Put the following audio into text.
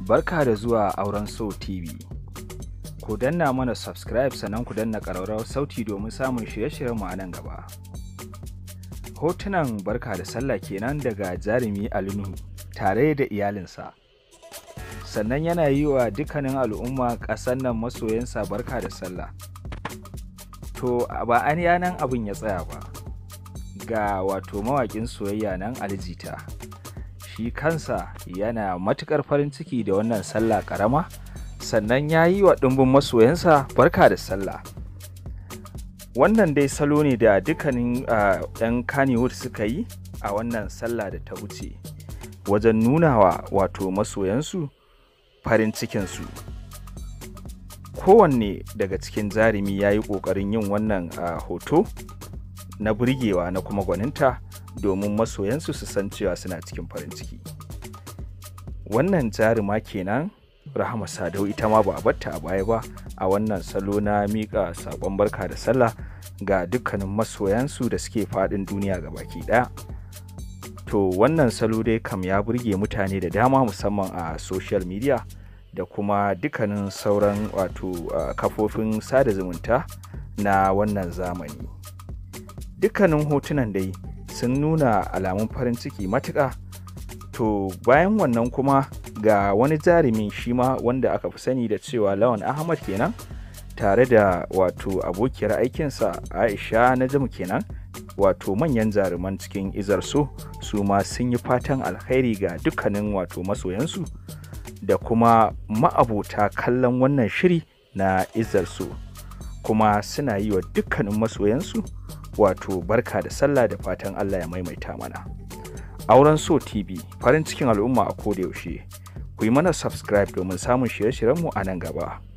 Barka da zuwa auren So TV. Ku danna mana subscribe sannan ku danna ƙararrawar sauti domin samun shirye-shiryenmu a nan gaba. Hotunan barka da sallah kenan daga jarumi Alinu tare da iyalinsa. Sannan yana yi wa dukkanin al'umma ƙasar nan masoyansa barka da sallah. To ba an yanan abin ya tsaya ba. Ga wato mawaƙin soyayya nan aljita. shi kansa yana matukar farin ciki da wannan sallah karama sannan ya yi wa ɗumbin masoyansa barka da sallah wannan dai salo ne da dukkanin 'yan kaniwood suka yi a wannan sallah da ta wuce wajen nunawa wato masoyansu farin cikinsu kowanne daga cikin jarumi ya yi ƙoƙarin yin wannan hoto na burgewa na kuma gwaninta domin masoyansu su san cewa suna cikin farin ciki wannan jaruma kenan rahama sadau ita ma ba a batta a baya ba a wannan salo na miƙa saƙon barka da sallah ga dukkanin masoyansu da suke faɗin duniya ga baki ɗaya to wannan salo dai kam ya burge mutane da dama musamman a social media da kuma dukkanin sauran wato kafofin sada zumunta na wannan zamani dukkanin hotunan dai sun nuna alamun farin ciki matuƙa to bayan wannan kuma ga wani jarumin shi ma wanda aka fi sani da cewa lawan ahmad kenan tare da wato abokiyar aikinsa aisha na jamu kenan wato manyan jaruman cikin izarsu su ma sun yi fatan alkhairi ga dukkanin wato masoyansu da kuma ma'abota kallon wannan shiri na izarsu kuma suna yi wa dukkanin masoyansu wato barka da sallah da fatan Allah ya maimaita mana. Auren So TV farin cikin al'umma a koda yaushe. Ku yi mana subscribe domin samun shirye-shiryenmu a nan gaba.